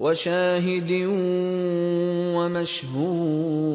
وشاهد ومشهود